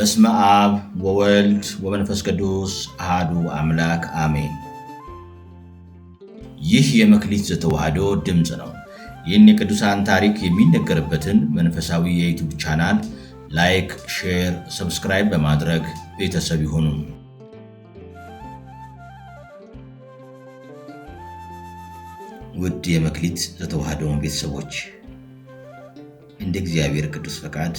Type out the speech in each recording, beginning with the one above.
በስመ አብ ወወልድ ወመንፈስ ቅዱስ አሃዱ አምላክ አሜን። ይህ የመክሊት ዘተዋህዶ ድምፅ ነው። ይህን የቅዱሳን ታሪክ የሚነገርበትን መንፈሳዊ የዩቱብ ቻናል ላይክ፣ ሼር፣ ሰብስክራይብ በማድረግ ቤተሰብ ይሁኑ። ውድ የመክሊት ዘተዋሕዶ ቤተሰቦች እንደ እግዚአብሔር ቅዱስ ፈቃድ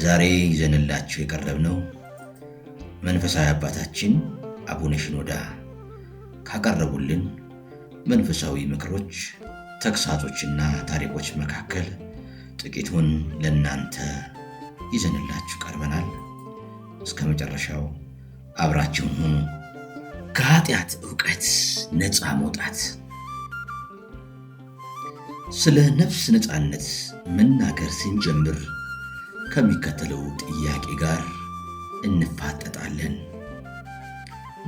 ዛሬ ይዘንላችሁ የቀረብነው መንፈሳዊ አባታችን አቡነ ሽኖዳ ካቀረቡልን መንፈሳዊ ምክሮች፣ ተግሳጾችና ታሪኮች መካከል ጥቂቱን ለእናንተ ይዘንላችሁ ቀርበናል። እስከ መጨረሻው አብራችሁን ሁኑ። ከኃጢአት እውቀት ነፃ መውጣት። ስለ ነፍስ ነፃነት መናገር ስንጀምር ከሚከተለው ጥያቄ ጋር እንፋጠጣለን።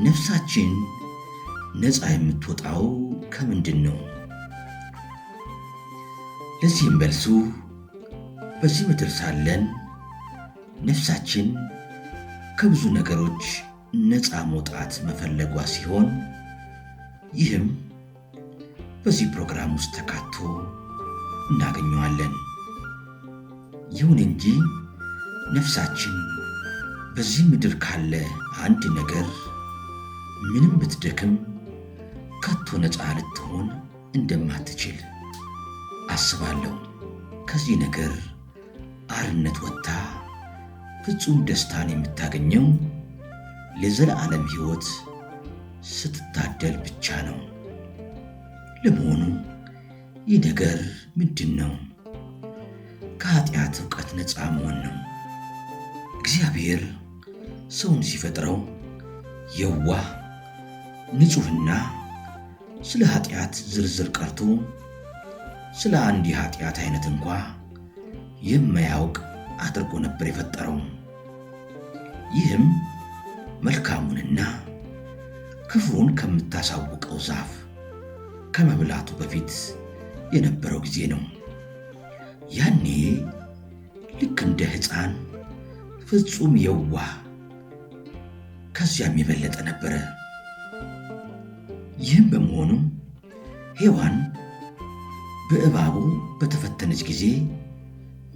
ነፍሳችን ነፃ የምትወጣው ከምንድን ነው? ለዚህም መልሱ በዚህ ምድር ሳለን ነፍሳችን ከብዙ ነገሮች ነፃ መውጣት መፈለጓ ሲሆን ይህም በዚህ ፕሮግራም ውስጥ ተካቶ እናገኘዋለን። ይሁን እንጂ ነፍሳችን በዚህ ምድር ካለ አንድ ነገር ምንም ብትደክም ከቶ ነፃ ልትሆን እንደማትችል አስባለሁ። ከዚህ ነገር አርነት ወጥታ ፍጹም ደስታን የምታገኘው ለዘለዓለም ሕይወት ስትታደል ብቻ ነው። ለመሆኑ ይህ ነገር ምንድን ነው? ከኃጢአት እውቀት ነፃ መሆን ነው። እግዚአብሔር ሰውን ሲፈጥረው የዋህ ንጹሕና ስለ ኃጢአት ዝርዝር ቀርቶ ስለ አንድ የኃጢአት አይነት እንኳ የማያውቅ አድርጎ ነበር የፈጠረው። ይህም መልካሙንና ክፉን ከምታሳውቀው ዛፍ ከመብላቱ በፊት የነበረው ጊዜ ነው። ያኔ ልክ እንደ ሕፃን ፍጹም የዋ ከዚያም የበለጠ ነበረ። ይህም በመሆኑ ሔዋን በእባቡ በተፈተነች ጊዜ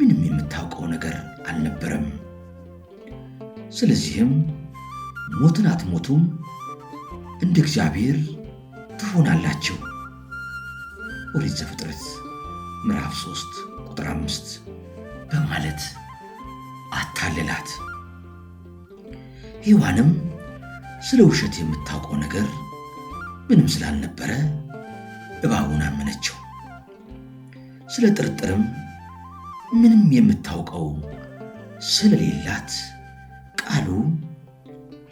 ምንም የምታውቀው ነገር አልነበረም። ስለዚህም ሞትን አትሞቱም፣ እንደ እግዚአብሔር ትሆናላችሁ። ኦሪት ዘፍጥረት ምዕራፍ 3 ቁጥር 5 በማለት አታለላት። ሔዋንም ስለ ውሸት የምታውቀው ነገር ምንም ስላልነበረ እባቡን አመነችው። ስለ ጥርጥርም ምንም የምታውቀው ስለሌላት ቃሉ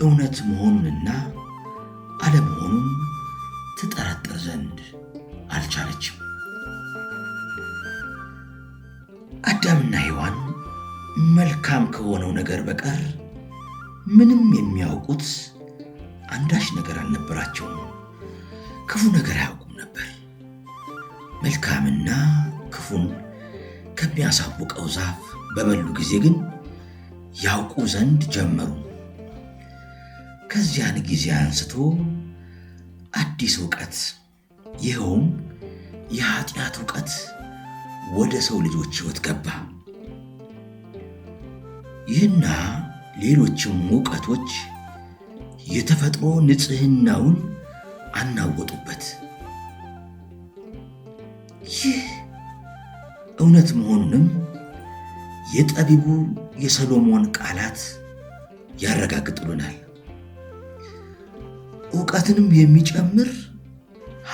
እውነት መሆኑንና አለመሆኑን ትጠረጥር ዘንድ አልቻለችም። አዳምና ሔዋን መልካም ከሆነው ነገር በቀር ምንም የሚያውቁት አንዳች ነገር አልነበራቸውም። ክፉ ነገር አያውቁም ነበር። መልካምና ክፉን ከሚያሳውቀው ዛፍ በበሉ ጊዜ ግን ያውቁ ዘንድ ጀመሩ። ከዚያን ጊዜ አንስቶ አዲስ እውቀት ይኸውም የኃጢአት እውቀት ወደ ሰው ልጆች ሕይወት ገባ። ይህና ሌሎችም ሙቀቶች የተፈጥሮ ንጽህናውን አናወጡበት። ይህ እውነት መሆኑንም የጠቢቡ የሰሎሞን ቃላት ያረጋግጥሉናል። እውቀትንም የሚጨምር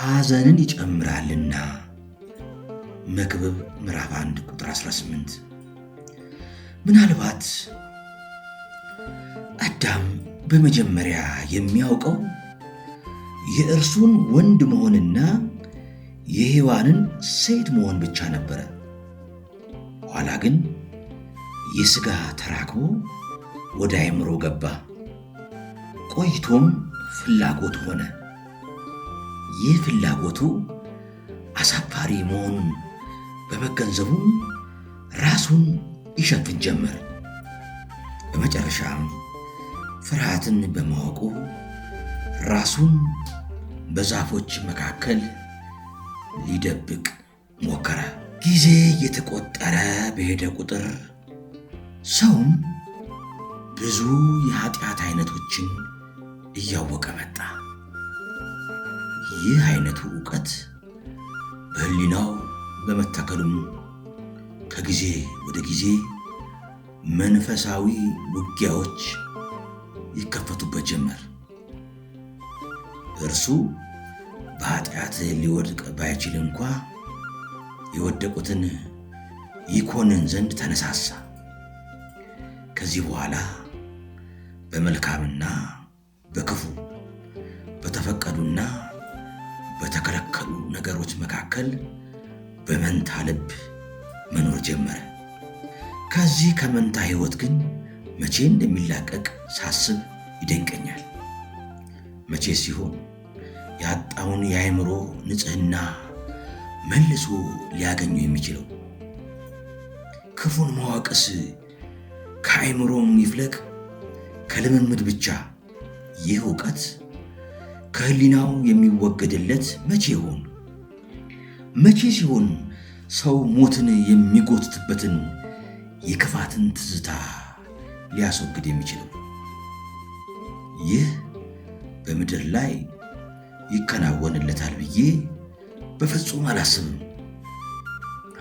ሐዘንን ይጨምራልና መክብብ ምዕራፍ 1 ቁጥር 18። ምናልባት አዳም በመጀመሪያ የሚያውቀው የእርሱን ወንድ መሆንና የሔዋንን ሴት መሆን ብቻ ነበረ። ኋላ ግን የሥጋ ተራክቦ ወደ አእምሮ ገባ። ቆይቶም ፍላጎት ሆነ። ይህ ፍላጎቱ አሳፋሪ መሆኑን በመገንዘቡም ራሱን ይሸፍን ጀመር። በመጨረሻም ፍርሃትን በማወቁ ራሱን በዛፎች መካከል ሊደብቅ ሞከረ። ጊዜ የተቆጠረ በሄደ ቁጥር ሰውም ብዙ የኃጢአት አይነቶችን እያወቀ መጣ። ይህ አይነቱ እውቀት በህሊናው በመታከሉም ከጊዜ ወደ ጊዜ መንፈሳዊ ውጊያዎች ይከፈቱበት ጀመር። እርሱ በኃጢአት ሊወድቅ ባይችል እንኳ የወደቁትን ይኮንን ዘንድ ተነሳሳ። ከዚህ በኋላ በመልካምና በክፉ በተፈቀዱና በተከለከሉ ነገሮች መካከል በመንታ ልብ መኖር ጀመረ። ከዚህ ከመንታ ሕይወት ግን መቼ እንደሚላቀቅ ሳስብ ይደንቀኛል። መቼ ሲሆን ያጣውን የአእምሮ ንጽህና መልሶ ሊያገኙ የሚችለው? ክፉን ማወቅስ ከአእምሮም ይፍለቅ ከልምምድ ብቻ? ይህ እውቀት ከህሊናው የሚወገድለት መቼ ይሆን? መቼ ሲሆን ሰው ሞትን የሚጎትትበትን የክፋትን ትዝታ ሊያስወግድ የሚችለው? ይህ በምድር ላይ ይከናወንለታል ብዬ በፍጹም አላስብም።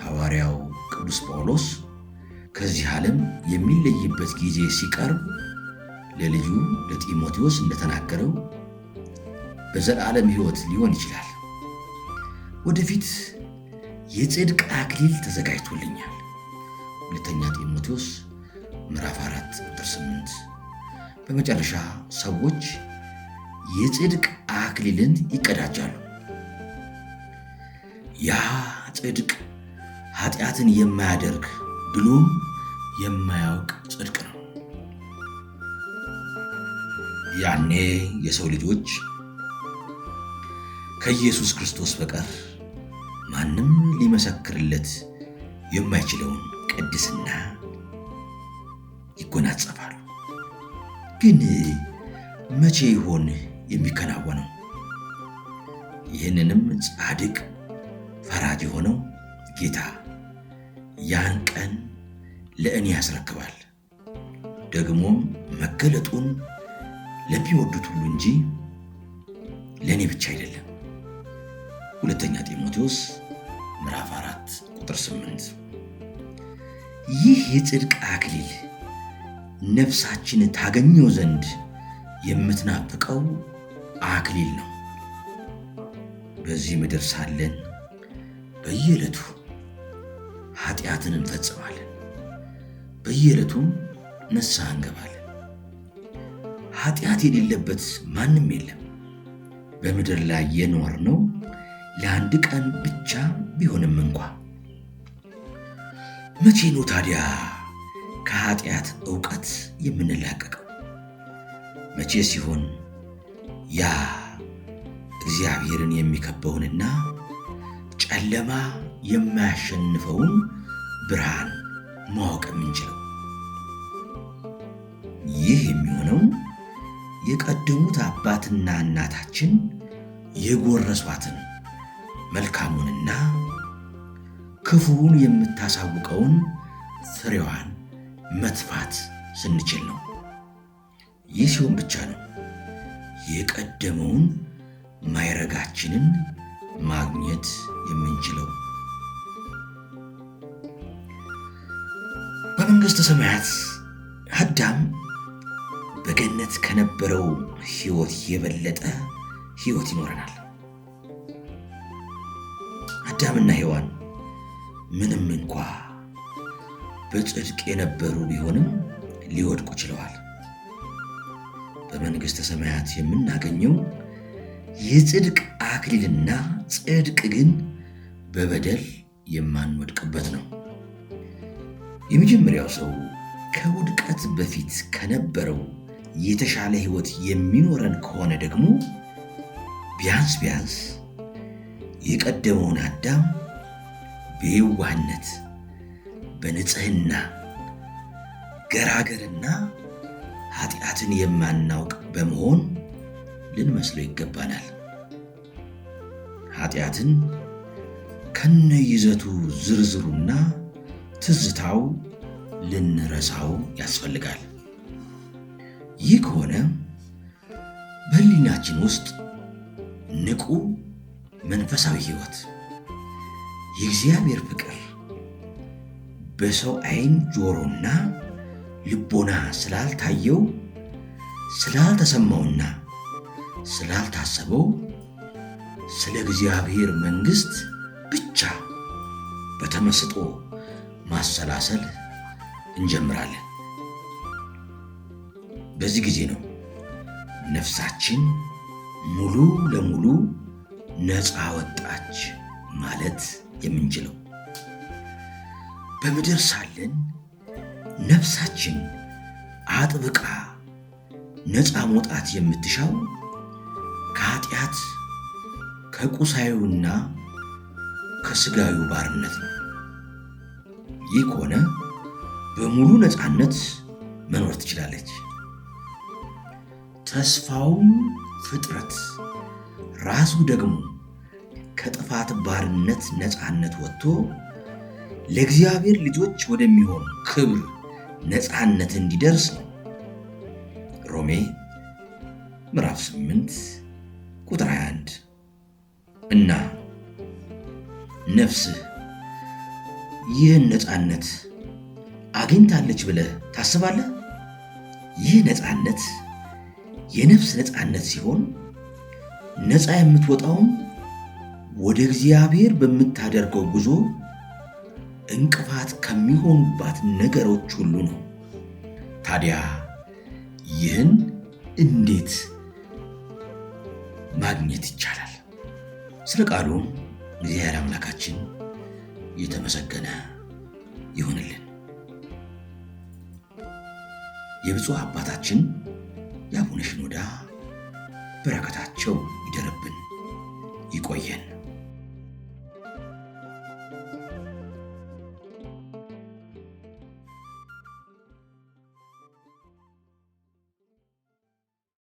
ሐዋርያው ቅዱስ ጳውሎስ ከዚህ ዓለም የሚለይበት ጊዜ ሲቀርብ ለልጁ ለጢሞቴዎስ እንደተናገረው በዘላለም ሕይወት ሊሆን ይችላል። ወደፊት የጽድቅ አክሊል ተዘጋጅቶልኛል። ሁለተኛ ጢሞቴዎስ ምዕራፍ 4 ቁጥር 8። በመጨረሻ ሰዎች የጽድቅ አክሊልን ይቀዳጃሉ። ያ ጽድቅ ኃጢአትን የማያደርግ ብሎም የማያውቅ ጽድቅ ነው። ያኔ የሰው ልጆች ከኢየሱስ ክርስቶስ በቀር ማንም ሊመሰክርለት የማይችለውን ቅድስና ይጎናጸፋሉ። ግን መቼ ይሆን የሚከናወነው? ይህንንም ጻድቅ ፈራጅ የሆነው ጌታ ያን ቀን ለእኔ ያስረክባል። ደግሞም መገለጡን ለሚወዱት ሁሉ እንጂ ለእኔ ብቻ አይደለም። ሁለተኛ ጢሞቴዎስ ምዕራፍ 4 ቁጥር 8። ይህ የጽድቅ አክሊል ነፍሳችን ታገኘው ዘንድ የምትናፍቀው አክሊል ነው። በዚህ ምድር ሳለን በየዕለቱ ኃጢአትን እንፈጽማለን። በየዕለቱም ንስሐ እንገባለን። ኃጢአት የሌለበት ማንም የለም። በምድር ላይ የኖር ነው ለአንድ ቀን ብቻ ቢሆንም እንኳ። መቼ ነው ታዲያ ከኃጢአት እውቀት የምንላቀቀው? መቼ ሲሆን ያ እግዚአብሔርን የሚከበውንና ጨለማ የማያሸንፈውን ብርሃን ማወቅ የምንችለው? ይህ የሚሆነው የቀደሙት አባትና እናታችን የጎረሷትን መልካሙንና ክፉውን የምታሳውቀውን ፍሬዋን መትፋት ስንችል ነው። ይህ ሲሆን ብቻ ነው የቀደመውን ማይረጋችንን ማግኘት የምንችለው። በመንግሥተ ሰማያት አዳም በገነት ከነበረው ሕይወት የበለጠ ሕይወት ይኖረናል። አዳምና ሔዋን ምንም እንኳ በጽድቅ የነበሩ ቢሆንም ሊወድቁ ችለዋል። በመንግሥተ ሰማያት የምናገኘው የጽድቅ አክሊልና ጽድቅ ግን በበደል የማንወድቅበት ነው። የመጀመሪያው ሰው ከውድቀት በፊት ከነበረው የተሻለ ሕይወት የሚኖረን ከሆነ ደግሞ ቢያንስ ቢያንስ የቀደመውን አዳም በየዋህነት በንጽህና ገራገርና ኃጢአትን የማናውቅ በመሆን ልንመስለው ይገባናል። ኃጢአትን ከነ ይዘቱ ዝርዝሩና ትዝታው ልንረሳው ያስፈልጋል። ይህ ከሆነ በህሊናችን ውስጥ ንቁ መንፈሳዊ ህይወት የእግዚአብሔር ፍቅር በሰው አይን ጆሮና ልቦና ስላልታየው ስላልተሰማውና ስላልታሰበው ስለ እግዚአብሔር መንግሥት ብቻ በተመስጦ ማሰላሰል እንጀምራለን። በዚህ ጊዜ ነው ነፍሳችን ሙሉ ለሙሉ ነፃ ወጣች ማለት የምንችለው በምድር ሳለን ነፍሳችን አጥብቃ ነፃ መውጣት የምትሻው ከኃጢአት ከቁሳዊውና ከስጋዩ ባርነት ነው። ይህ ከሆነ በሙሉ ነፃነት መኖር ትችላለች። ተስፋውም ፍጥረት ራሱ ደግሞ ከጥፋት ባርነት ነፃነት ወጥቶ ለእግዚአብሔር ልጆች ወደሚሆን ክብር ነፃነት እንዲደርስ ነው። ሮሜ ምዕራፍ 8 ቁጥር 21 እና ነፍስህ ይህን ነፃነት አግኝታለች ብለህ ታስባለህ? ይህ ነፃነት የነፍስ ነፃነት ሲሆን ነፃ የምትወጣውም ወደ እግዚአብሔር በምታደርገው ጉዞ እንቅፋት ከሚሆኑባት ነገሮች ሁሉ ነው። ታዲያ ይህን እንዴት ማግኘት ይቻላል? ስለ ቃሉ እግዚአብሔር አምላካችን የተመሰገነ ይሁንልን። የብፁዕ አባታችን የአቡነ ሽኖዳ በረከታቸው ይደርብን። ይቆየን።